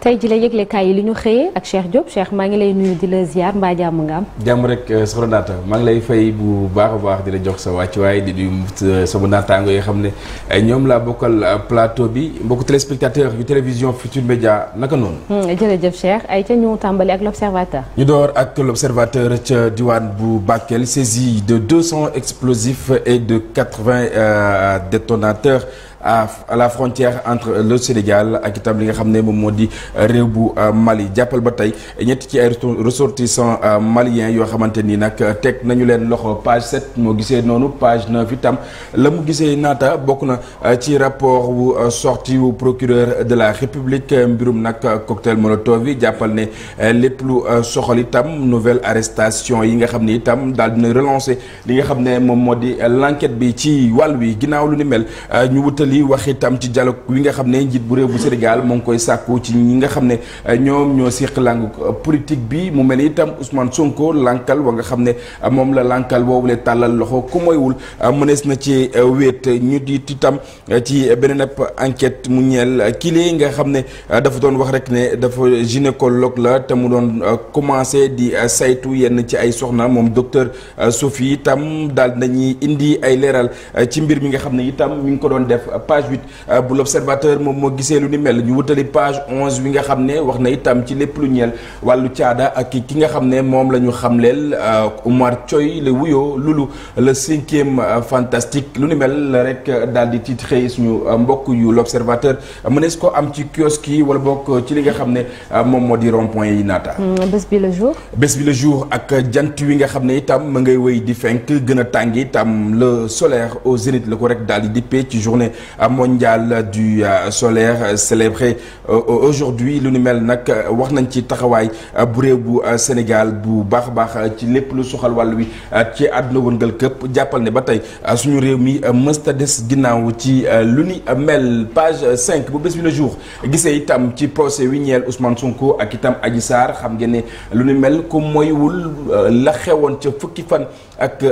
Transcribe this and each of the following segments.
tey ji la yëglekaay yi li ñu xëyee ak Cheikh Diop Cheikh maa ngi lay nuyu di la ziar mbaa jàmm nga am. jàmm rek euh, soxna Naata maa ngi lay fay bu baax a baax di la jox sa wàccuwaay di nuyu euh, sama naataango yoo xam ne euh, ñoom laa bokkal plateau bi mbokku téléspectateur yu télévision Futur Média naka noonu. Hmm, jërëjëf Cheikh ay ca ñu tàmbali ak l' observateur. ñu door ak l' observateur ca diwaan bu Bakel saisie de 200 explosifs et de 80 détonateurs. à la frontière entre Sénégal ak itam li nga xam ne moom moo di euh, réew bu euh, Mali jàppal ba tey ñetti ci ay ressortissants euh, maliens yoo xamante ni nag teg nañu leen loxo page moo gisee noonu page 9 itam la mu gisee naata bokk na ci rapport wu sorti wu procureur de la République mbirum nag cocktail molotov yi jàppal ne lépp lu soxol itam nouvelle arrestation yi nga xam ne itam daal dina relancer li nga xam ne moom moo di l'enquête bi ci wàll wi ginnaaw lu ni mel ñu wutal yi wax itam ci dialogue wi nga xam ne njiit bu réew bu Sénégal moo ngi koy sàkku ci ñi nga xam ne euh, ñoom ñoo séq langu euh, politique bi mu mel ni itam usman Sonko lankal wa nga xam ne euh, moom la lànkal boobu le tàllal loxo ku moywul mënees na ci wéet ñu di itam ci beneen ab enquête mu ñeel kii nga xam ne dafa doon wax rek ne dafa gynécologue la te mu doon commencé di saytu yenn ci ay soxna moom docteur Sophie itam daal nañuy indi ay leeral ci mbir mi nga xam ne itam mi ngi ko doon def page huit euh, bu l'observateur moom moo gisee lu ni mel ñu wutali page onze wi nga xam ne wax na itam ci lépp lu ñeel wàllu caada ak ki nga xam ne moom la ñu xamleel euh, Omar Coy le wuyoo lulu le cinquième euh, fantastique lu ni mel rek daal di titré suñu mbokk yu l'observateur mënees ko am ci kiosque yi wala bokk ci li nga xam ne moom moo di rond-point yi naata. Hmm, bés bi le jour. bés bi le jour ak jant wi nga xam ne itam ma ngay wéy di fenk gën a tàng itam la solaire au zénith la ko rek daal di dippee ci journée. Euh, mondial du euh, solaire euh, célébré aujourd'hui lu nu mel nag wax nañ ci taxawaay bu réew bu Sénégal bu baax a baax ci lépp lu soxal wàll wi ci àdduna wëngal këpp jàppal ne ba tey suñu réew mi mësta des ginnaaw ci lu ni mel page cinq bu bés bi le jour gisee itam ci procès wi ñeel Ousmane Sonko ak itam Adji Sarr xam ngeen ne lu ni mel ku moywul la xewoon ca fukki fan ak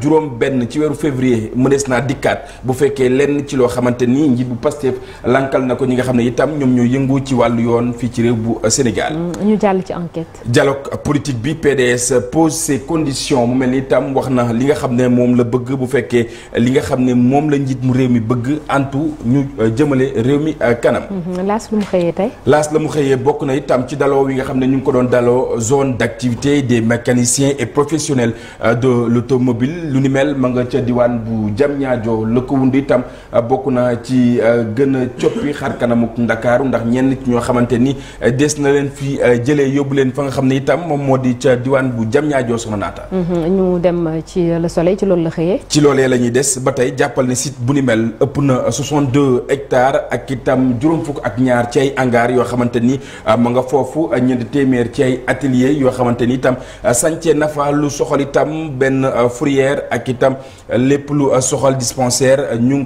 juróom benn ci weeru février mënees naa dikkaat bu fekkee lenn ci loo xam xamante ni njiit bu Pastef lankal na ko ñi nga xam ne itam ñoom ñoo yëngu ci wàllu yoon fii ci réew bu euh, Sénégal. Mm, ñu jàll ci enquête. dialogue politique bi PDS pose ses conditions mu mel ni itam wax na li nga xam ne moom la bëgg bu fekkee li nga xam ne moom la njiit mu réew mi bëgg antu ñu euh, jëmale réew mi euh, kanam. Mm-hmm. laas lu mu xëyee la mu xëyee bokk na itam ci daloo wi nga xam ne ñu ngi ko doon daloo zone d'activité des mécaniciens et professionnels de l'automobile lu ni ma nga ca diwaan bu Diamniadio lëkkawundi itam bokk na ci euh, gën a coppi xar kanamuk ndakaaru ndax ñenn ñoo xamante ni euh, des na leen fi euh, jëlee yóbbu leen fa nga xam ne itam moom moo di ca diwaan bu jam ñaajoo soxna naata mm-hmm. ñu dem ci le soleil ci loolu la xëyee ci loolee la ñuy des ba tey jàppal ne site bu ni mel ëpp na 62 hectares ak itam juróom fukk ak ñaar ci ay hangar yoo xamante ni ma nga foofu ñeenti téeméer ci ay atelier yoo xamante ni itam sàncee na fa lu soxal itam benn fourrière ak itam lépp lu soxal dispensaire ñu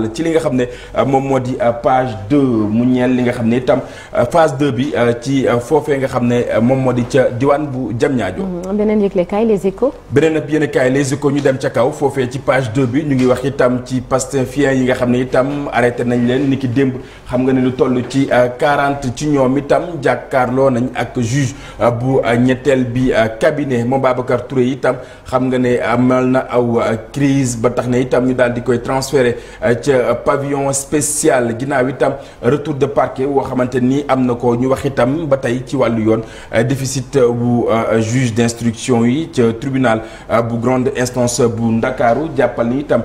jàll ci li nga xam ne euh, moom moo di euh, page 2 mu ñeel li nga xam ne itam euh, phase 2 bi ci foofee nga xam ne moom moo di ca diwaan bu jam Diamniadio. Mm-hmm. beneen yëglekaay les ko beneen ab yëglekaay les échos ñu dem ca kaw foofee ci page 2 bi ñu ngi wax itam ci fien yi nga xam ne itam arrêté nañ leen ni ki démb xam nga ne lu toll ci 40 ci ñoom itam jàkkaarloo nañ ak juge bu ñetteel bi cabinet moom Babacar Touré itam xam nga ne amal na aw crise ba tax ne itam ñu daal di koy transféré ca pavillon spécial ginnaaw itam retour de parquet woo xamante ni am na ko ñu wax itam ba tey ci wàllu yoon euh, déficit bu euh, juge d'instruction yi ca tribunal euh, bu grande instance bu ndakaaru jàppal ni itam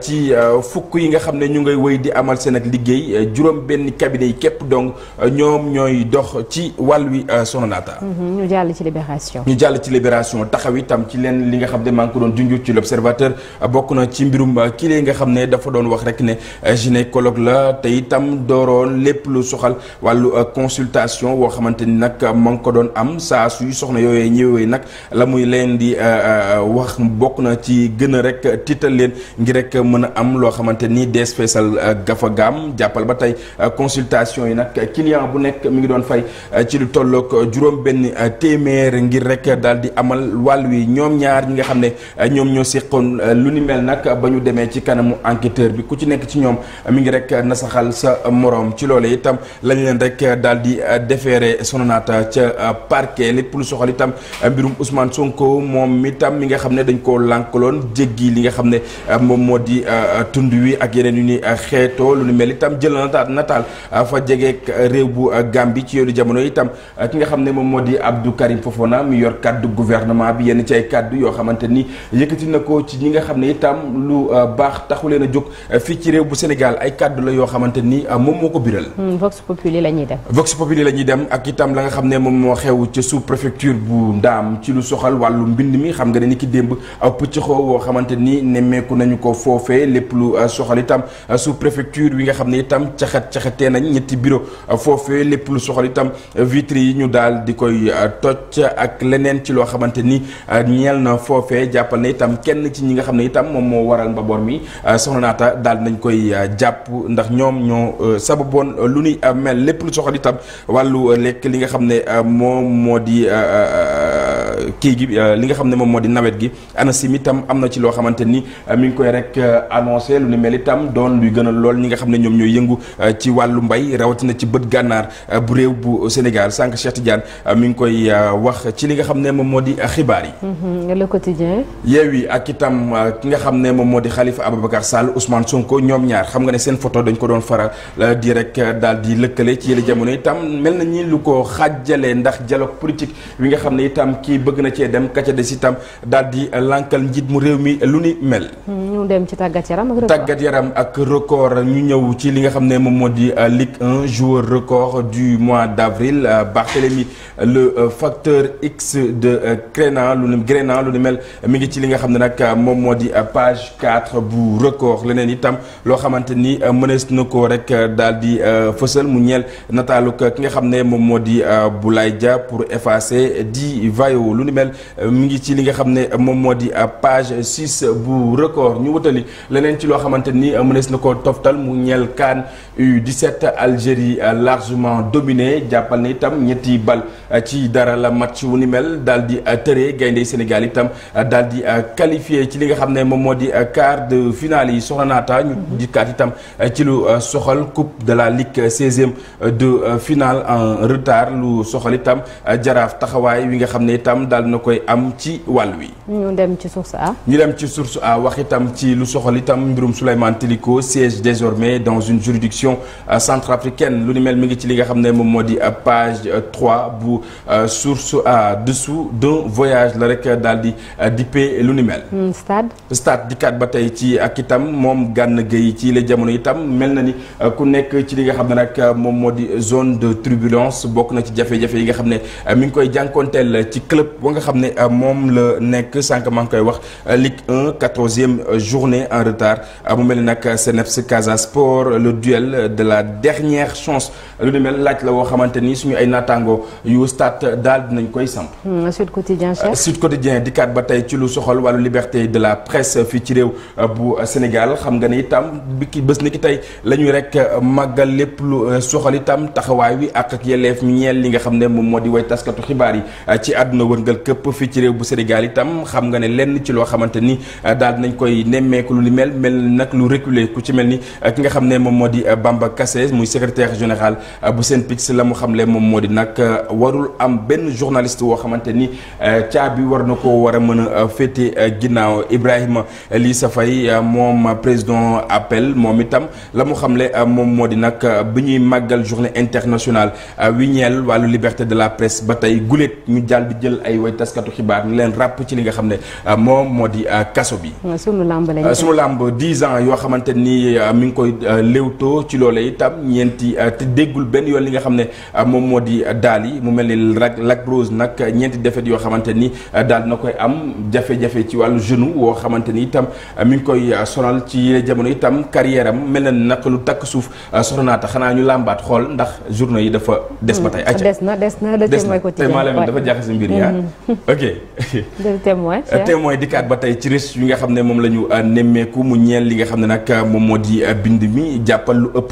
ci fukk yi nga xam ne ñu ngay wëy di amal seen ak liggéey juróom benn cabinet yi képp donc ñoom ñooy dox ci wàll wi sononaata mhm, ñu jàll ci libération ñu jàll ci libération taxaw itam ci leen li nga xam ne maa ngi ko doon junjur ci l'observateur bokk na ci mbirum kii nga xam rek ne euh, gynécologue la te itam dooroon lépp lu soxal wàllu euh, consultation woo xamante ni nag ma ngi ko doon am saa suy soxna yooyee ñëwee nag la muy leen di euh, wax bokk na ci gën rek tiital leen ngir rek mën a am loo xamante ni dees feesal gafa jàppal ba tey consultation yi nag client bu nekk mu ngi doon fay ci lu tollook juróom benn téeméer ngir rek daal di amal wàll wi ñoom ñaar ñi nga xam ne ñoom ñoo seqoon lu ni mel nag ba ñu demee ci kanamu enquêteur ci nekk ci ñoom mi ngi rek nasaxal sa morom ci loole itam lañ leen rek daal di déféré Sononata ca parquet lépp lu soxal itam mbirum Ousmane Sonko moom itam mi nga xam ne dañ koo lànkaloon jéggi li nga xam ne moom moo di euh, tund wi ak yeneen yu ni xeetoo lu ni mel itam jël nataal fa jegeek réew bu Gambie ci yoonu jamono itam ki nga xam ne moom moo di Abdou Karim Fofana mi yor kàddu gouvernement bi yenn ci ay kàddu yoo xamante ni yëkkati na ko ci ñi nga xam ne itam lu euh, baax taxu leen jóg fi fii ci réew bu Sénégal ay kàddu la yoo xamante ni ah, moom moo ko biral. Hmm, Vox Populi la ñuy dem. la ñuy dem ak itam la nga xam ne moom moo xew ca sous préfecture bu Ndaam ci lu soxal wàllu mbind mi xam nga ne ni ki démb aw ah, pëccëxoo woo xamante ni nemmeeku nañu ko foofee lépp lu ah, soxal itam sous préfecture wi nga xam ne itam caxat caxatee nañ ñetti bureau foofee lépp lu soxal itam vitres yi ñu daal di koy toj ak leneen ci loo xamante ni ñeel na foofe jàppal na itam kenn ñi nga xam ne itam moom moo waral mbaboor mi nañ koy euh, jàpp ndax ñoom ñoo euh, sababoon euh, lu ni mel lépp lu soxal itam wàllu lekk li nga xam ne moom moo di kii gi euh, li nga xam ne moom moo di nawet gi ANACIM itam am na ci loo xamante ni euh, mi ngi koy rek euh, annoncé lu ni mel itam doon luy gën a lool ñi nga xam ne ñoom ñooy yëngu ci wàllu mbay rawatina ci bët gànnaar bu réew bu Sénégal sànq Cheikh Tidiane mi ngi koy wax ci li nga xam ne moom moo di xibaar yi. Mm-hmm. le quotidien. yeewi ak itam ki nga xam ne moom moo di xalifa Khalifa Ababacar Sall Ousmane Sonko ñoom ñaar xam nga ne seen photo dañ ko doon faral di rek daal di lëkkale ci yële jamono itam mel na ñi lu ko xàjjalee ndax dialogue politique bëgg na cee dem kacca des itam daal di lankal njiit mu réew mi lu ni mel. ñu dem ci tàggat yaram ak record tàggat yaram ñu ñëw ci li nga xam ne moom moo di euh, Ligue 1 joueur record du mois d' avril euh, Barthélemy euh, le facteur X de Grénan lu ni Grénan lu ni mel mi ngi ci li nga xam ne nag moom moo di page 4 bu record leneen itam loo xamante ni mënees na ko rek daal di fësal mu ñeel nataaluk ki nga xam ne moom moo di Boulaye Dia pour effacer di vayo vidéo lu ni mel euh, mu ngi ci li nga xam ne moom moo di euh, page 6 bu record ñu wutali leneen ci loo xamante ni euh, mënees na ko toftal mu ñeel CAN U17 Algérie largement dominée jàppal na itam ñetti bal ci dara la match wu ni mel daal di tëree gaynde Sénégal itam daal di qualifié ci li nga xam ne moom moo di quart de finale yi soxna naata ñu dikkaat itam ci lu soxal coupe de la ligue seizième de finale en retard lu soxal itam jaraaf taxawaay wi nga xam ne itam itam daal na koy am ci wàll wi. ñu dem ci source A. ñu dem ci source A wax itam ci lu soxal itam mbirum Souleymane Téliko siège désormais dans une juridiction euh, centrafricaine lu ni mel mi ngi ci li nga xam ne moom moo di euh, page 3 euh, bu source A dessous d'un voyage la rek daal di dippee lu ni mel. Hmm, stade. stade ba tey ci ak itam moom gànn gay ci la jamono itam mel na ni ku nekk ci li nga xam ne nag moom moo di zone de turbulence bokk na ci jafe-jafe yi nga xam ne mi ngi koy jànkoonteel ci club. club ba nga xam ne euh, moom la nekk sànq maa ngi koy wax euh, Ligue 1 quatorzième journée en retard euh, mu mel ni nag CNEPS Casa Sport le duel de la dernière chance lu ni mel laaj la woo xamante ni suñu ay naataango yu stade daal dinañ koy samp. Hmm, Sud Quotidien Cheikh. Sud di dikkaat ba tey ci lu soxal wàllu liberté de la presse fii ci réew bu Sénégal xam nga ne itam bi ki bés ni ki tey la ñuy rek màggal lépp lu soxal itam taxawaay wi ak ak yelleef ñeel li nga xam ne moom moo di way xibaar yi wërngal këpp fii bu Sénégal itam xam nga ne lenn ci loo xamante ni euh, daal nañ koy nemmeeku lu li mel mel nag lu réculer ku ci mel ni euh, ki nga xam ne moom moo di euh, Bamba Kassé muy secrétaire général bu seen Synpics la mu xamle moom moo di nag warul am benn journaliste woo xamante ni caabi war na ko war a mën a féete ginnaaw Ibrahima lii safay moom président appel moom itam la mu xamle moom moo di nag bi ñuy màggal journée internationale wi wàllu liberté de la presse ba tey ay way taskatu xibaar ni leen ràpp ci li nga xam ne euh, moom moo di euh, kaso bi. sunu làmb lañ euh, sunu làmb dix ans yoo xamante ni mi ngi koy léewtoo ci loolee itam ñeenti te déggul benn yoon li nga xam ne moom moo di daal yi mu mel ni rak Lac Rose nag ñeenti défaite yoo xamante ni daal na koy am jafe-jafe ci wàllu genou woo xamante ni itam mi ngi koy sonal ci jamono itam carrière am mel na nag lu takk suuf soxnaata xanaa ñu làmbaat xool ndax journée yi dafa des ba hmm, te na des na la tey ko ci dafa jaaxase mbir yi hmm, ah. ok. def témoin. Euh, témoin dikkaat ba tey ci risque yi nga xam ne moom lañu ñu euh, nemmeeku mu ñeel li nga xam ne nag euh, moom moo di bind mi jàppal lu ëpp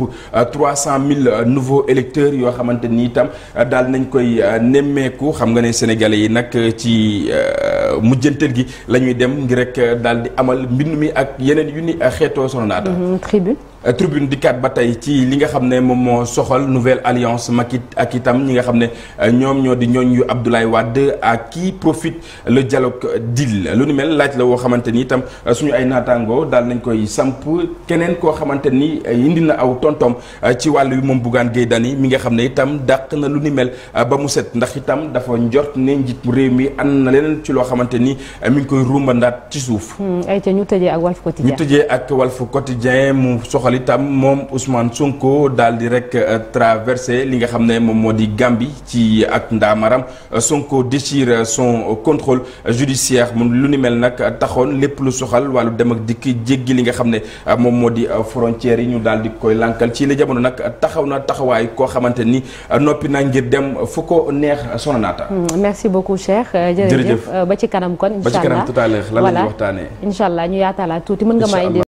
trois cent mille nouveaux électeurs yoo xamante ni itam daal nañ koy nemmeeku xam nga ne sénégalais yi nag ci mujjanteel gi la ñuy dem ngir rek daal di amal mbind mi ak yeneen yu ni xeetoo sonaata. Mm-hmm. tribune. tribune di kat ba tey ci li nga xam ne moom moo soxal nouvelle alliance Macky ak itam ñi nga xam ne euh, ñoom ñoo di ñooñ yu Abdoulaye Wade à kii profit le dialogue deal lu ni mel laaj la woo xamante ni itam euh, suñu ay naataangoo daal nañ koy samp keneen koo xamante ni euh, indi na aw tontoom ci wàll wi moom Bougane Gueye Dany mi nga xam ne itam dàq na lu ni mel ba mu set ndax itam dafa njort ne njiit mu réew mi ànd na leneen ci loo xamante ni mu ngi koy rumbandaat ci suuf. Hmm, ay ca ñu tëjee ak Walf Quotidien ñu tëjee ak Walf Quotidien mu soxal. soxal itam moom Ousmane Sonko daal di rek euh, traversé li nga xam ne moom moo di Gambie ci euh, ak ndaamaram euh, Sonko déchire son contrôle judiciaire mun lu ni mel nag taxoon lépp lu soxal wàllu dem ak dikk jéggi li nga xam ne moom moo di frontières yi ñu daal di koy lankal ci la jamono nag taxaw na taxawaay koo xamante ni noppi na ngir dem fu ko neex sonanaata. Hmm, merci beaucoup Cheikh. jërëjëf ba ci kanam kon. incha allah ba ci kanam tout à l'heure la ñu allah ñu yaatalaat tuuti